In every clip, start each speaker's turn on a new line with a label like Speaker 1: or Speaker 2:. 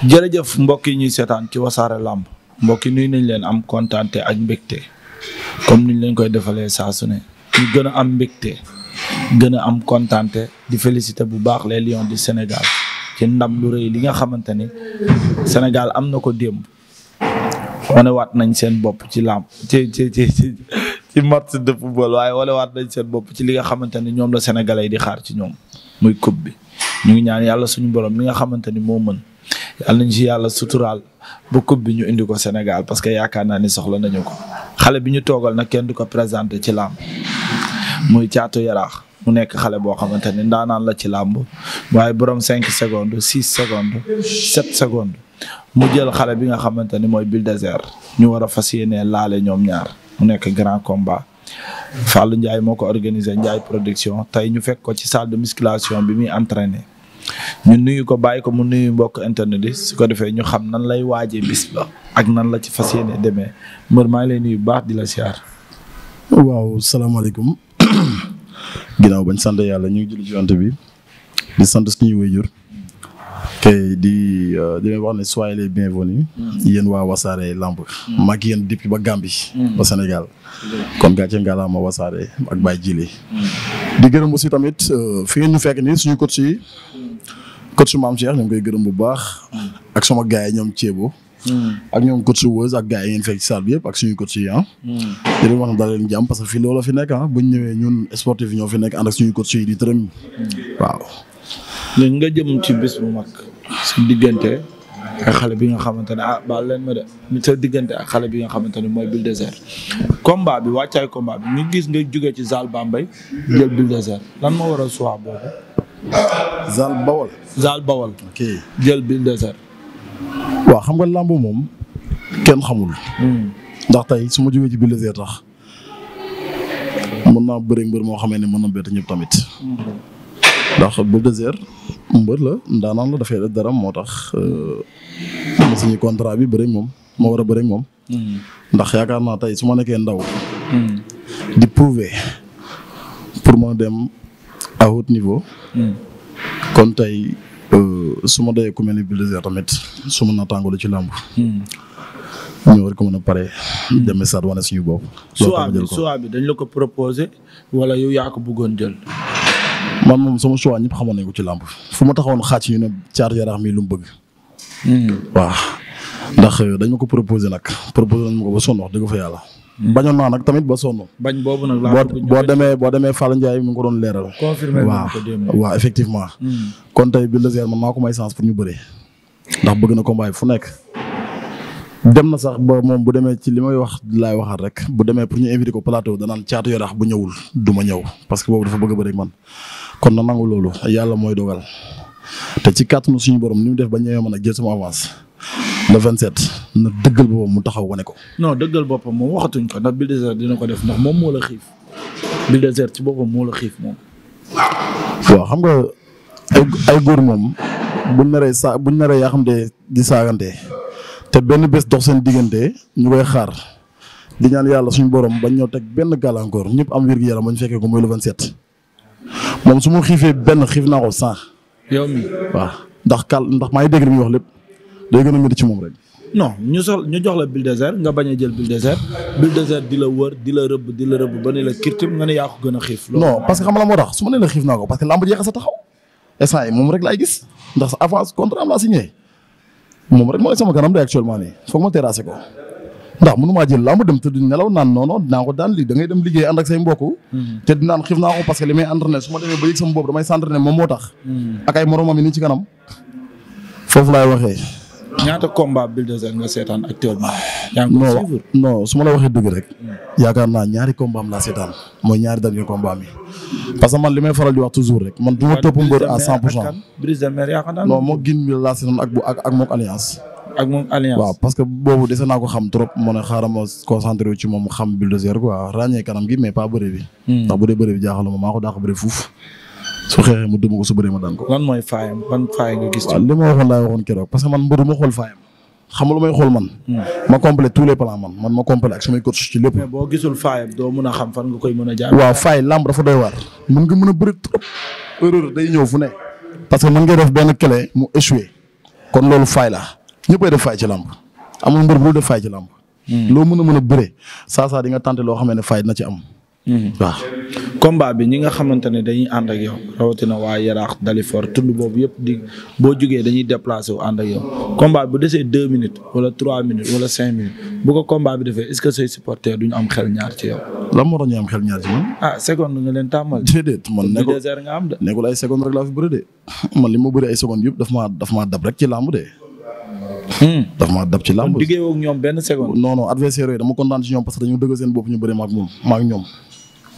Speaker 1: jërëjëf mbokk yi ñuy seetaan ci wasaare làmb mbokk yi nuyu nañ leen am kontaante ak mbégte comme niñ leen koy defalee saa su ne ñu gën a am mbégte gën a am kontaante di félicité bu baax les lions di Sénégal ci ndam lu réy li nga xamante ni Sénégal am na ko démb wanewaat nañ seen bopp ci làmb ci ci ci ci match de football waaye wanewaat nañ seen bopp ci li nga xamante ni ñoom la yi di xaar ci ñoom muy coupe bi ñu ngi ñaan yàlla suñu borom li nga xamante ni moo mën. yal nañ ci yàlla suturaal bu coupe bi ñu indi ko Sénégal parce que yaakaar naa ni soxla nañu ko xale bi ñu toogal nag kenn du ko présenté ci làmb muy caatu yaraax mu nekk xale boo xamante ne ndaanaan la ci làmb waaye borom cinq secondes six secondes sept secondes mu jël xale bi nga xamante ni mooy Bulldozer ñu war a fas yéenee laale ñoom ñaar mu nekk grand combat Fallou njaay moo ko organisé Ndiaye production tey ñu fekk ko ci salle de musculation bi muy entraîné ñu nuyu ko bàyyi ko mu nuyu mbokk internet yi su ko defee ñu xam nan lay waajee bis ba ak nan la ci fas yéene demee mbër maa ngi lay nuyu baax di la siyaar.
Speaker 2: waaw salaamaaleykum ginnaaw bañ sant yàlla ñu ngi julli ci bi di sant suñuy wéyjur kay di euh, di wax ne soyez les bienvenus mm. yéen waa wasaare lamb mm. mag yéen depuis ba Gambie mm. ba Sénégal kon gàcce ngalaama wasaare ak Baye Jili di gërëm aussi tamit euh, fi ngeen ñu fekk nii suñu coach yi coach maam Cheikh ñu ngi koy gërëm bu baax ak soo gars yi ñoom Thiebo. ak ñoom coach Weuz ak gars yi ngeen fekk ci salle yëpp ak suñu coach yi ah. di leen wax ne daal leen jàmm parce que fii loolu fi nekk ah bu ñu ñëwee ñun sportif yi ñoo fi nekk ànd ak suñu coach yi di tërëm waaw.
Speaker 1: léegi nga jëm ci bis bu mag. si diggante. ak xale bi nga xamante ne ah baal leen ma de sa diggante ak xale bi nga xamante ne mooy Bulldozer combat bi wàccaay komba bi ñu gis nga jóge ci Zal Bambey jël Bulldozer lan moo waral choix boobu. Zal Bawol. Zal Bawol. ok jël Bulldozer.
Speaker 2: waaw xam nga làmb moom kenn xamul. Hmm. ndax tey su ma jógee ci Bulldozer tax mën naa bëre mbër moo xamee ne mën na bett ñëpp tamit. Hmm. ndax Bulldozer mbër la ndaanaan la dafay def dara moo tax euh, ma suñu contrat bi bëri moom moo war a bëri moom. Mm-hmm. ndax yaakaar naa tey su ma nekkee ndaw. Mm-hmm. di prouver pour ma dem à haut mm-hmm. kon tey euh, su ma dee ku su ma naataangoo ci làmb. ko mën a pare dem stade wane
Speaker 1: bi dañ la ko proposé wala yow yaa ko bëggoon jël.
Speaker 2: man moom sama choix ñëpp xamoon nañ ko ci làmb fu ma taxawoon xaaj ñu ne Thiatou Yarakh mii lu mu bëgg. Hmm. waaw ndax euh, dañ ma ko proposé nag proposé nañ ma ko ba sonn wax dëgg fa yàlla. Hmm. bañoon naa nag tamit ba sonn.
Speaker 1: bañ boobu nag laa boo boo
Speaker 2: demee boo demee Fallou Ndiaye mi ngi ko doon leeral. confirmé waaw waaw effectivement. Hmm. kon tey Bulldozer man maa ko may chance pour ñu bëree ndax bëgg na combat bi fu nekk. dem na sax ba moom bu demee ci li may wax laay waxaat rek bu demee pour ñu invité ko plateau danaan Thiatou Yarakh bu ñëwul du ma ñëw parce que boobu dafa bëgg a bëri man. kon na nangu loolu yàlla mooy dogal te ci kàttanu suñu borom ni def ba ñëwee mën a jël sama avance le 27 na dëggal boppam mu taxaw wane ko.
Speaker 1: no dëggal boppam moom waxatuñ ko ndax Bulldozer dina ko def ndax moom moo la xiif Bulldozer ci boppam moo la xiif moom.
Speaker 2: waaw xam nga ay ay góor moom bu naree sa bu xam ne di saagante te benn bés tox seen diggante ñu koy xaar di ñaan yàlla suñu borom bañ ñoo teg benn gàllankoor ñëpp am wér gi yaram bañ fekkee ko muy le moom su ma xiifee benn xiif naa ko cent.
Speaker 1: yow mi waaw
Speaker 2: ndax kàll ndax maay ngi dégg li muy wax lépp day gën a métti ci moom rek.
Speaker 1: non ñu ñu jox la bulldozer nga bañ a jël bulldozer bulldozer di la wër di la rëbb di la rëbb ba ne la kirtim nga ne yaa ko gën a xiif. non parce
Speaker 2: que xam la moo tax su ma nee la xiif naa ko parce que jeex a sa taxaw. instant yi moom rek laay gis ndax sa avance contrat am laa signé moom rek mooy sama kanam de actuellement nii foog ma terrassé ko. ndax mënumaa jël làmb dem tëdd nelaw naan non non dinaa ko daan da ngay dem liggéey ànd ak say mbokk mm-hmm. te dinaan xiif naa ko parce que li may entraîné su ma demee ba yëg sama bopp damay s'entraîné moom moo tax mm-hmm. foofu laay waxee
Speaker 1: ñaata combat seetaan actuellement. yaa ngi ko suivre
Speaker 2: ma la waxee dëgg rek. Mm. yaakaar naa ñaari combat am laa seetaan mooy ñaari dernier combat mi. parce que man li may faral di wax toujours rek man du ma topp mbër à 100 pour cent.
Speaker 1: Brise de
Speaker 2: gin laa seetaan ak bu alliance. ak
Speaker 1: moom alliance waaw parce
Speaker 2: que boobu dese naa ko xam trop ma ne xaaral ma concentré wu ci moom xam bulldozer quoi ràññee a xam a a kon loolu faay la ñëppay def faay ci làmb amul mbër bu def faay ci làmb. Hmm. loo mën a mën a bëre saa saa di nga tànte loo xam ne faay na ci am.
Speaker 1: Hmm. waa combat bi ñi nga xamante ne dañuy ànd ak yow rawatina waa Yaraax Dalifor tund boobu yëpp di boo jugee dañuy déplacé wu ànd ak yow combat bi bu desee deux minutes wala trois minutes wala cinq minutes bu ko combat bi defee est-ce que say xel ñaar ci yow. lan moo tax ñu am xel ñaar ci man. ah seconde nga leen tàmmal. déedéet de.
Speaker 2: man li ma bëri ay seconde yëpp rek ci làmb de. Hmm. daf maa dab ci làmb. kon diggéewoo ak ñoom benn seconde. non non adversaire yooyu dama kontaan ci ñoom parce que dañoo dëggal seen bopp ñu bëre maak moom maak ñoom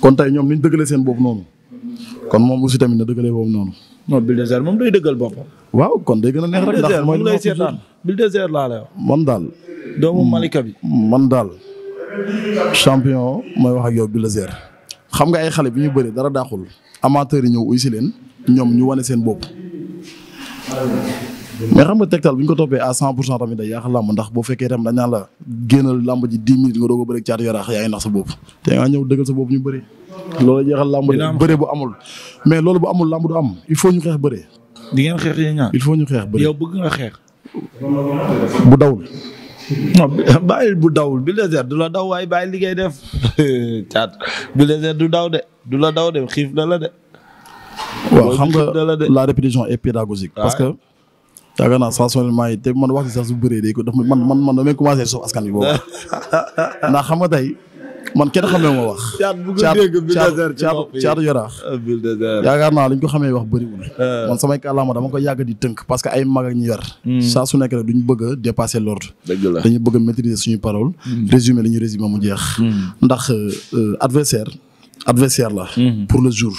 Speaker 2: kon tey ñoom ni ñu seen bopp noonu kon moom aussi tamit na dëggalee boobu noonu.
Speaker 1: non Bulldozer moom day dëggal boppam.
Speaker 2: waaw kon day gën a neex rek daal. doomu Malika bi. man daal champion mooy wax ak yow Bulldozer xam nga ay xale bi ñu bëri dara daaxul amateur yi ñëw uy si leen ñoom ñu wane seen bopp mais xam nga tegtal bu ñu ko toppee à 100 pour cent tamit day yàq làmb ndax boo fekkee tam dañ naan la génnal làmb ji 10 minutes nga doog a bëri caatu yaraax yaa ngi nax sa bopp te nga ñëw dëggal sa bopp ñu bëri loolu jeexal làmb bëre bu amul mais loolu bu amul làmb du am il faut ñu xeex bëre
Speaker 1: di ngeen xeex yéen ñaar il faut ñu xeex bëre yow bëgg xeex bu dawul non bàyyil bu dawul Buldozer du la daw waaye bàyyi liggéey def caat Buldozer du daw de du la daw de xiif na la de
Speaker 2: waaw xam nga la répétition est pédagogique parce que yaakaar naa sensibiliser yi te man wax si man man man damay commencé soof askan bi boobu ndax ma wax. caat bu ko dégg bi désert ci bopp yi ko xamee wax bëriwul. Ah. man samay parce que ay mag ak ñu yor. Hmm. saa su nekk rek duñ bëgg a dépasser l'ordre. dëgg la dañu bëgg a maîtriser suñu parole. Hmm. résumer li ñu résumer mu jeex. Hmm. ndax euh, adversaire adversaire la. pour le jour.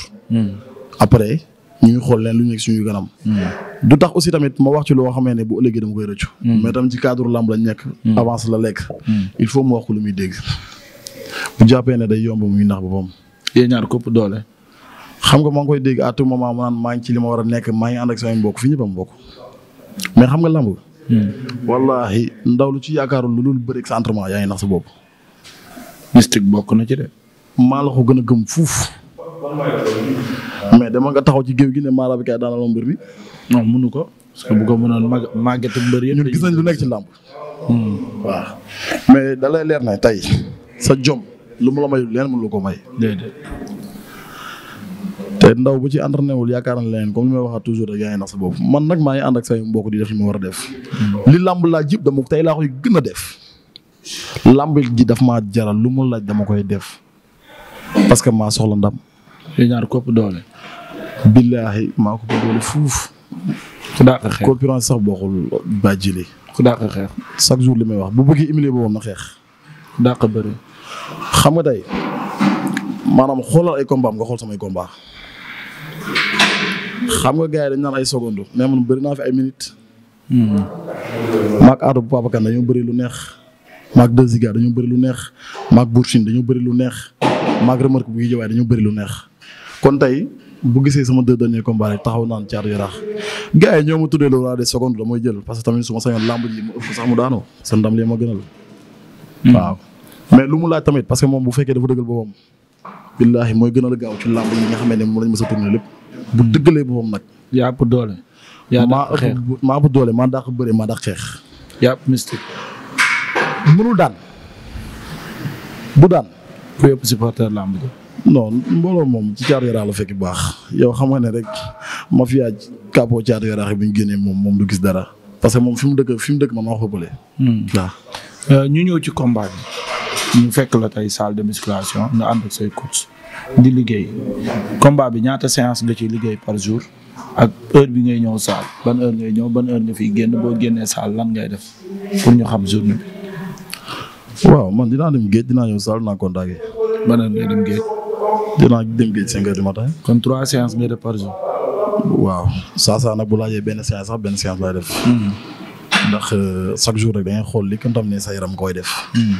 Speaker 2: après. ñu ngi xool leen lu ñu nekk suñu kanam. Hmm. du tax aussi tamit ma wax ci loo xamee ne bu ëllëgee dama koy rëccu. Hmm. mais tam ci cadre lamb lañ nekk. Hmm. avance la lekk. il faut mu wax ko lu muy dégg. bu jàppee ne day yomb muy nax boppam. yéen ñaar képp doole. xam nga maa ngi koy dégg à tout moment ma naan maa ngi ci li ma war a nekk maa ngi ànd ak samay mbokk fi ñëpp mbokk mais xam nga lamb. wallahi ndaw lu ci yaakaarul lu dul bëri ak sa entraînement yaa ngi nax sa bokk na ci de. maa la ko gën a gëm fuuf.
Speaker 1: mais
Speaker 2: dama nga taxaw ci géew gi ne Mara bi kay daan la mbër bi. non mënu ko parce que bu ko mag màggetu mbër yëpp. ñun gis nañ lu nekk ci làmb. Hmm. leer na tey sa jom lu mu la mayul leen mënu la ko may. déedéet. ndaw bu ci entraîné wul yaakaar na leneen comme li may waxaat toujours rek yaa ngi nax man nag maa ngi ànd ak say mbokk di def li ma war a def. Hmm. li làmb laa jib dama tey laa koy gën a def. làmb ji daf ma jaral lu mu laaj dama koy def parce que maa soxla ndam. yooyu ñaar kopp doole. billaahi maa ko doole fuuf. ku dàq xeex concurrence sax bokkul baa jëlee. ku dàq xeex. chaque jour li may wax bu bëggee humilier boobu na xeex. ku dàq bari xam nga tey maanaam xoolal ay combat nga xool samay combat. xam nga gars dañ naan ay secondes mais man bari naa fi ay minutes. maak Aadou bu Papa Kane dañoo bëri lu neex. maak Deux Ziga dañoo bëri lu neex. maak Bourchine dañu bëri lu neex. maak Remarque bu Guédiawaye dañu bari lu neex. kon tey bu gisee sama deux derniers combats rek taxaw naan caatu yaraax gars yi ñoo ma tuddee le roi des secondes la mooy jël parce que tamit su ma sañoon làmb ji ma ëpp sax mu daanoo sa ndam li ma gënal. Hmm. waaw mais lu mu laaj tamit parce que moom bu fekkee dafa dëggal boppam. billaahi mooy gënal gaaw ci làmb yi nga xam ne moom lañ mës a tourné lépp bu dëggalee boppam nag. yaa ëpp doole. yaa dàq xeex maa ëpp doole maa dàq bëre maa dàq xeex. yaa ëpp mystique. mënul daan. bu daan. ku no mbooloo moom ci Caatu Yaraax la fekk baax yow xam nga ne rek mafia capot Caatu Yaraax bi ñu génnee moom moom du gis dara parce que moom fi mu
Speaker 1: dëkk fi mu dëkk man maa ko bële. Hmm. waaw euh, ñu ñëw ci combat bi ñu fekk la tey salle de musculation nga ànd ak say coach di liggéey combat bi ñaata séance nga ciy liggéey par jour ak heure bi ngay ñëw salle ban heure ngay ñëw ban heure nga fiy génn boo génnee saal lan ngay def pour ñu
Speaker 2: xam journée bi. waaw man dinaa dem géej dinaa ñëw dinaa dem géej cinq heures du matin. kon trois séances ngay def par waaw saa saa nag bu laajee benn séance sax benn séance laay def. Mm-hmm. ndax euh, chaque jour rek da xool li kon tam ne sa yaram koy def.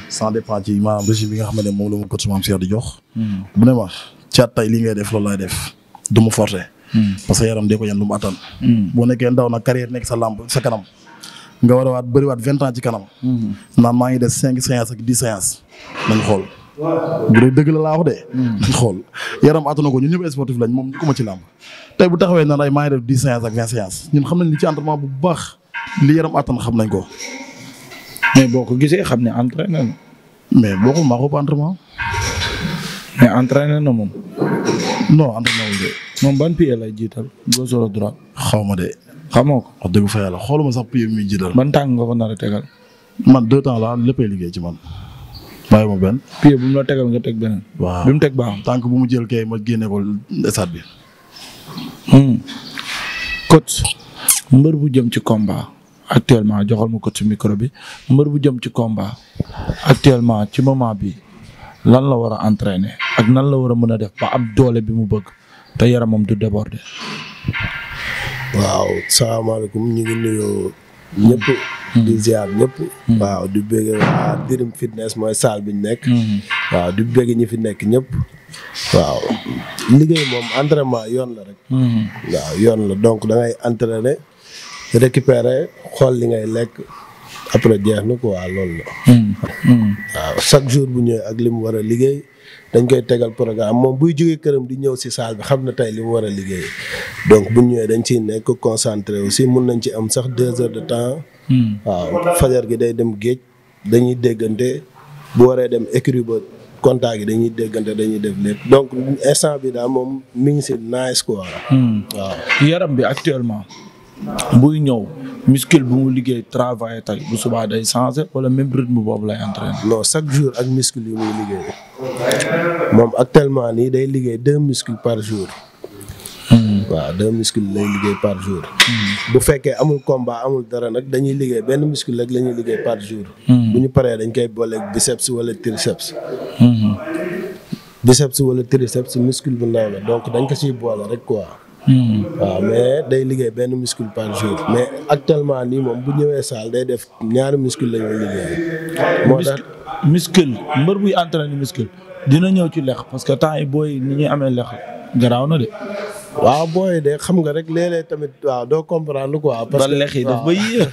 Speaker 2: sans mm-hmm. de ci maanaam régime bi nga xam ne moom la ma coach Mame Cheikh di jox. Mm-hmm. mu ne ma caat tey li ngay def loolu laay def du mu forcer. parce que yaram de ko yan lu mu attan. boo nekkee ndaw na carrière nekk sa làmb sa kanam. nga war a waat bëriwaat vingt ans ci kanam. naan maa ngi def cinq séances ak dix séances nañ xool. bu dee dëgg la laa wax de. Hmm. xool yaram attanu ko ñu ñëpp sportif lañ moom ñu ko ma ci làmb tey bu taxawee nan ay maa ngi def dix ak vingt séances ñun xam nañ li ci entraînement bu baax li yaram attan xam nañ ko. mais boo ko gisee xam ne entraîné na. mais boo ko maa ko entraînement. mais entraîné na moom. non entraîné wul de. moom ban pied lay jiital. gauche wala droite. xaw ma de. xamoo ko wax dëgg fa yàlla xooluma sax pied mi jiital. ban tànk nga ko nar a tegal. man deux temps la léppay liggéey ci man. bàyyi ma benn. pied bu mu la tegal nga teg beneen. waaw bi mu teg baaxul. tànk bu mu jël kay ma génne ko stade bi.
Speaker 1: Hmm. coach mbër bu jëm ci combat actuellement joxal ma coach micro bi mbër bu jëm ci komba actuellement ci moment bi lan la war a entraîner ak nan la war a mën a def ba am doole bi mu bëgg te yaramam du
Speaker 3: déborder. waaw salaamaaleykum ñu ngi nuyu ñëpp hmm. di ziar ñëpp hmm. waaw di bëgg waa dirim fitness mooy salle bi ñu nekk hmm. waaw di bëgg ñi fi nekk ñëpp waaw liggéey moom entraînement yoon la rek waaw yoon la donc da ngay entraîner récupérer xool li ngay lekk après jeex na quoi loolu la waaw chaque jour bu ñëwee ak li mu war a liggéey dañ koy tegal programme moom buy jógee këram di ñëw si salle bi xam na tey li mu war a liggéey donc bu ñëwee dañ ciy nekk concentré aussi mun nañ ci am sax deux heures de temps. Hmm. waaw fajar gi day dem géej dañuy déggante bu waree dem écurie ba contact yi dañuy déggante dañuy def lépp donc instant bi daal moom mi ngi si nice quoi.
Speaker 1: Hmm. waaw yaram bi actuellement buy ñëw. muscle bu mu liggéey travail tey bu subaa day changé wala même rythme boobu lay entraîné. non chaque jour ak muscle yi muy
Speaker 3: liggéey moom actuellement nii day liggéey deux muscles par jour. Hmm. waaw deux muscles liggéey par jour. Hmm. bu fekkee amul combat amul dara nag dañuy liggéey benn muscle rek la ñuy liggéey par jour. Hmm. bu ñu paree dañ koy booleeg biceps wala triceps. biceps wala triceps muscle bu ndaw la donc dañ ko si boole rek quoi. waaw mais day liggéey benn muscule par jour. mais actuellement nii moom bu ñëwee saal day def ñaari muscule la liggéey. moo tax
Speaker 1: muscule mbër buy entraîné muscule dina ñëw ci lex parce que temps yi booy ni ñuy amee lex garaaw na de.
Speaker 3: waaw booy de xam nga rek léeg-léeg tamit waaw doo comprendre quoi. parce que lex yi daf ba yéem.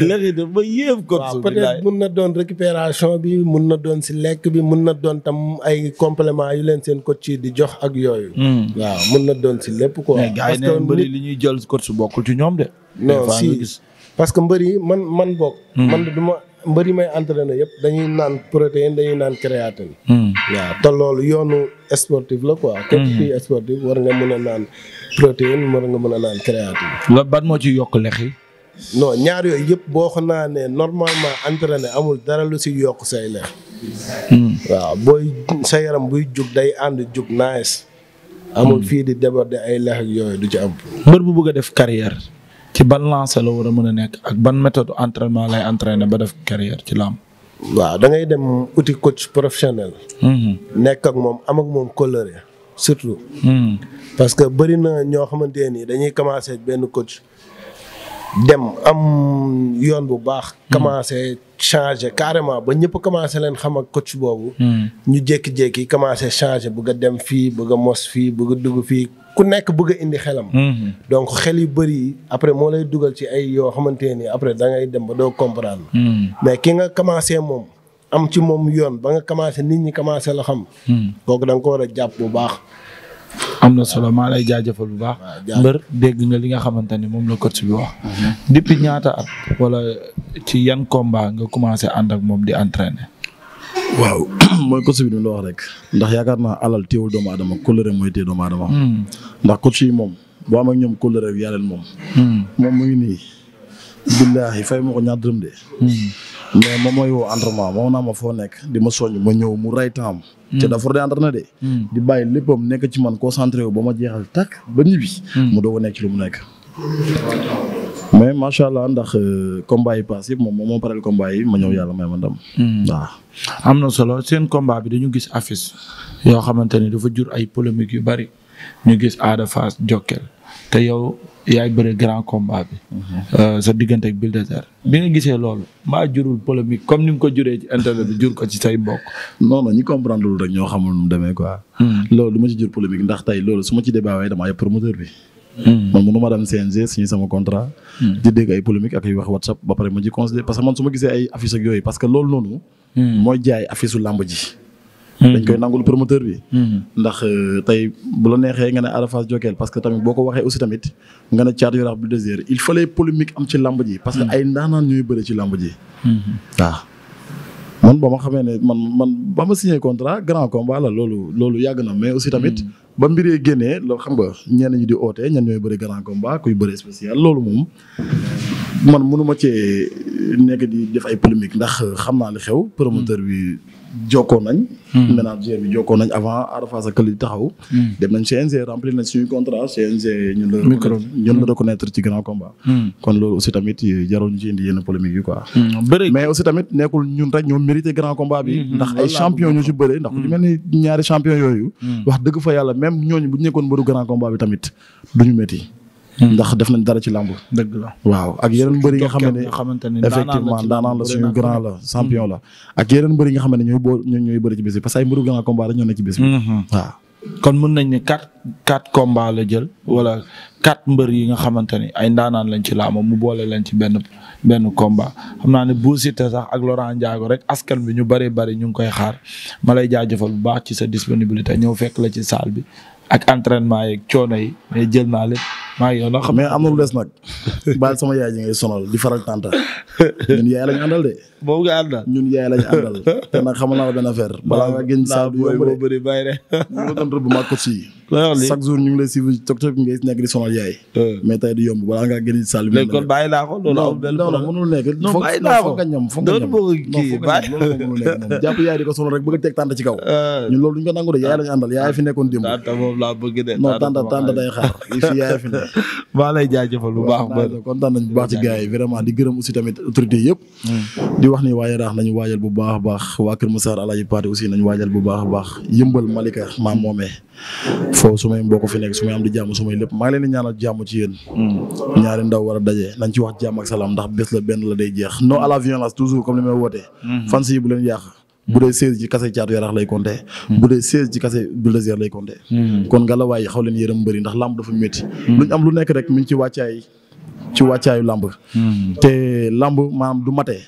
Speaker 1: lex yi daf
Speaker 3: mun na doon récupération bi mun na doon si lekk bi mun na doon tam ay complement yu leen seen coach yi di jox ak yooyu. Hmm. waaw mun na doon si lépp quoi. parce que li ñuy jël su bokkul ci ñoom de. non si parce que mbëri man man bokk. Hmm. man duma mbër yi may entraîné yëpp dañuy naan protéine dañuy naan créatine. Hmm. waaw te loolu yoonu sportif la quoi. képp fii hmm. sportif war nga mën a naan protéine war nga mën a naan créatine.
Speaker 1: loolu ban moo ci yokk lex yi.
Speaker 3: non ñaar yooyu yëpp boo ko naanee normalement entraîné amul dara lu si yokk say lex. Hmm. waaw booy sa yaram buy jug day ànd jug nice amul fii di déborder ay lex yooyu du ci am.
Speaker 1: mbër bu bugg a def carrière. ci ban lancé la war a mën a
Speaker 3: nekk ak ban méthode entraînement lay entraîné ba def carrière ci làmb. waaw da ngay dem uti coach professionnel. Mm-hmm. nekk ak moom am ak moom coloré surtout. Mm-hmm. parce que bëri na ñoo xamante nii dañuy commencé benn coach. dem am yoon bu baax. commencé changé carrément ba ñëpp commencé leen xam ak coach boobu. Hmm. ñu jékki-jékki commencé changé bëgg dem fii bëgg mos fii bëgg dugg fii ku nekk bëgg indi xelam. Hmm. donc xel yu bëri yi après moo lay dugal ci ay yoo xamante ne après da ngay dem ba doo comprendre. Hmm. mais ki nga commencé moom. am ci moom yoon ba nga commencé nit ñi commencé la xam. kooku da nga ko war a jàpp bu baax.
Speaker 1: am na solo maa lay jaajëfal bu baax. mbër dégg na li nga xamante ni moom la coach bi wax. Mhm. depuis ñaata at wala ci yan combat nga commencé ànd moom di entraîner. waaw mooy coach bi ni la wax rek ndax yaakaar naa alal téewul doomu adama kóllëre mooy téye doomu aadama. Hmm.
Speaker 2: ndax coach yi moom boo am ak ñoom kóllëre yàlla moom. Hmm. moom mu ngi nii. billaahi fay ma ko ñaar dërëm de. Hmm. mais moom mooy woo entraînement moom naa ma foo nekk di ma soññ ma ñëw mu ray temps hmm. te dafa de entraîné hmm. de di bàyyi léppam nekk ci man concentré wu ba ma jeexal takk ba ñibbi hmm. mu doog a nekk ci lu mu nekk mais macha allah ndax euh, combat yi paas yëpp moom moo pareel combat yi ma ñëw yàlla may ma ndam. waaw.
Speaker 1: am na solo seen combat bi dañu gis affiche yoo xamante ni dafa jur ay polémique yu bari ñu gis Ada Fass Jokkel te yow yaay bëre grand combat bi. Euh, sa diggante ak Bulldozer bi nga gisee loolu maa jurul polémique comme ni nga ko juree ci internet bi jur ko ci say bokk
Speaker 2: non non ñi comprendre loolu rek ñoo xamul nu demee quoi. Hmm. loolu du ma ci jur polémique ndax tey loolu su ma ci débat waaye damaa yëpp promoteur bi. Hmm. man mënu ma dem CNG signé sama contrat. Hmm. di dégg ay polémique ak ay wax WhatsApp ba pare ma ci considéré parce que man su ma gisee ay affiche ak yooyu parce que loolu noonu. mooy jaay Hmm. dañ koy nangul promoteur bi. Hmm. ndax euh, tey bu la neexee nga ne Ada Fass Jokal parce que tamit boo ko waxee aussi tamit nga ne Thiatou Yoff Buldozer il fallait polémique am ci lamb ji. parce que hmm. ay ndaanaan ñooy bëre ci lamb ji. waaw man ba ma xamee ne man man ba ma signé contrat grand combat la loolu loolu yàgg na mais aussi tamit. ba mbiree yi génnee loo xam nga ñeen ñi di ootee ñenn ñooy bëri grand combat kuy bëri spécial loolu moom man mënu ma cee nekk di def ay polémique ndax xam naa li xew. promoteur bi. jokkoo nañ. Hmm. manager bi nañ avant Ada a ak Kali taxaw. Hmm. dem nañ CNG remplir nañ suñu contrat CNG. ñun la micro ñun la reconnaître ci grand combat. Hmm. kon loolu aussi tamit jarul ñu ci indi yenn polémique yi quoi. mais aussi tamit nekkul ñun rek ñoo mérité grand combat bi. ndax ay champion ñu ci bëre ndax ñu mel ni ñaari champion yooyu. wax dëgg fa yàlla même ñooñu bu nekkoon mbëru grand combat bi tamit duñu métti. ndax def nañ dara ci làmb dëgg la waaw ak yeneen mbër yi nga
Speaker 1: xamante ne effectivement daanaan la suñu grand la hmm. champion la
Speaker 2: ak yeneen mbër yi nga xam ne ñooy boo
Speaker 1: ñooy bëri ci bis bi parce que hmm, hmm. nañ ne quatre quatre combats la jël wala quatre mbër yi nga xamante ni ay ndaanaan lañ ci làmb mu boole leen ci benn benn combat xam naa ne bu Siteu sax ak loraa njaago rek askan bi ñu bari bari ñu ngi koy xaar ma lay jaajëfal bu baax ci sa disponibilité ñëw fekk la ci saal bi ak entraînement yeeg coono yi mais jël naa lépp maa ngi yow ndax mais
Speaker 2: am na lu des nag. baal sama yaay ji ngay sonal di faral tànta ñun yaay lañu àndal de.
Speaker 1: boobu nga àndal ñun yaay lañu àndal.
Speaker 2: te nag xamal naa la benn affaire. balaa nga gën saa du yomb de booy boo bëri bàyyi de. ko ci. chaque jour ñu ngi lay suivre toog toog ngay nekk di sonal yaay. Euh. mais tey du yomb balaa ngaa génn ci bi. léegi kon bàyyi naa ko loolu amul benn problème non non mënul nekk. non bàyyi naa ko foog nga ñam foog jàpp yaay di ko sonal rek bëgg a teg tànta ci kaw. Euh. ñun loolu duñ ko nangu de yaay lañu àndal yaay fi nekkoon démb.
Speaker 1: tànta moom laa tànta
Speaker 2: tànta day xaar yaay fi ne. lay jaajëfal bu baax kontaan nañ bu baax ci gars vraiment di gërëm aussi tamit autorité yëpp. Hmm. di wax ni waaye raax nañu waajal bu baax a baax waa Kër Massar Alaaji Paate aussi nañu waajal bu baax a baax yëmbal Malika maa moomee foofu su may mbokk fi nekk su may am di jàmm su may lépp maa ngi leen di ñaanal jàmm ci yéen mm. ñaari ndaw war a daje nañ ci wax jàmm ak salaam ndax bés la benn la day jeex non mm. à la violence toujours comme li may wootee mm-hmm. fans yi bu leen yàq bu dee seize ci kase caatu yaraax lay compté mm. bu dee seize ci kase Bulldozer lay compté mm-hmm. kon nga la waaye xaw leen yërëm mbëri ndax làmb dafa métti luñ am lu nekk rek mi ngi ci wàccaay ci wàccaayu làmb te làmb maam du matee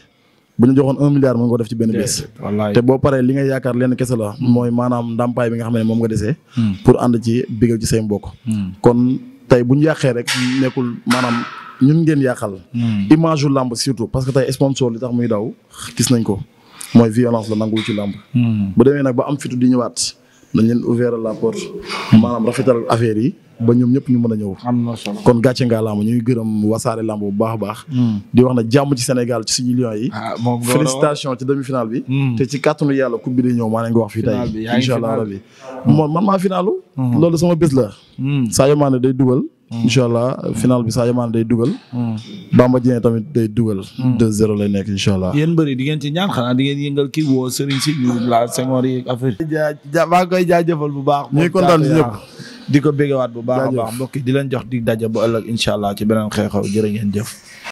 Speaker 2: bu ñu joxoon un milliard mën nga ko def ci benn bés te boo paree li nga yaakaar lenn kese la hmm. mooy maanaam ndàmpaay bi nga xam ne moom nga desee hmm. pour ànd ci bigaw ci say mbokk hmm. kon tey bu ñu yàqee rek nekkul maanaam ñun ngeen yàqal image yu làmb surtout parce que tey sponsor li tax muy daw gis nañ ko mooy violence la nangul ci làmb bu demee nag ba am fitu di ñëwaat nañ leen ouvert la porte maanaam rafetal affaire yi ba ñoom ñëpp ñu mën a ñëw. am na solo kon gàcce nga làmb ñu gërëm wasaare làmb bu baax a baax. Hmm. di wax na jàmm ci Sénégal ci suñu lions yi. Ah, félicitation ci demi final bi. Hmm. te ci kàttanu yàlla coupe bi di ñëw maa leen ko wax fii tey. incha allah rabi man maa finalu. Hmm. loolu sama bés la. Sadio Mané day dugal. Mm. incha allah final bi Sadio Mané day dugal. Mm. Bamba Dieng tamit day dugal. 2-0 mm. lay nekk incha allah.
Speaker 1: yéen bëri di ngeen ci ñaan xanaa di ngeen yëngal kii woo Serigne si ñu la Senghor yi affaire yi. maa ngi koy jaajëfal bu baax. ñuy kontaan si ñëpp di ko béggewaat bu baax a baax mbokk di leen jox dig daje ba ëllëg incha allah ci beneen xeexaw jërë ngeen jëf.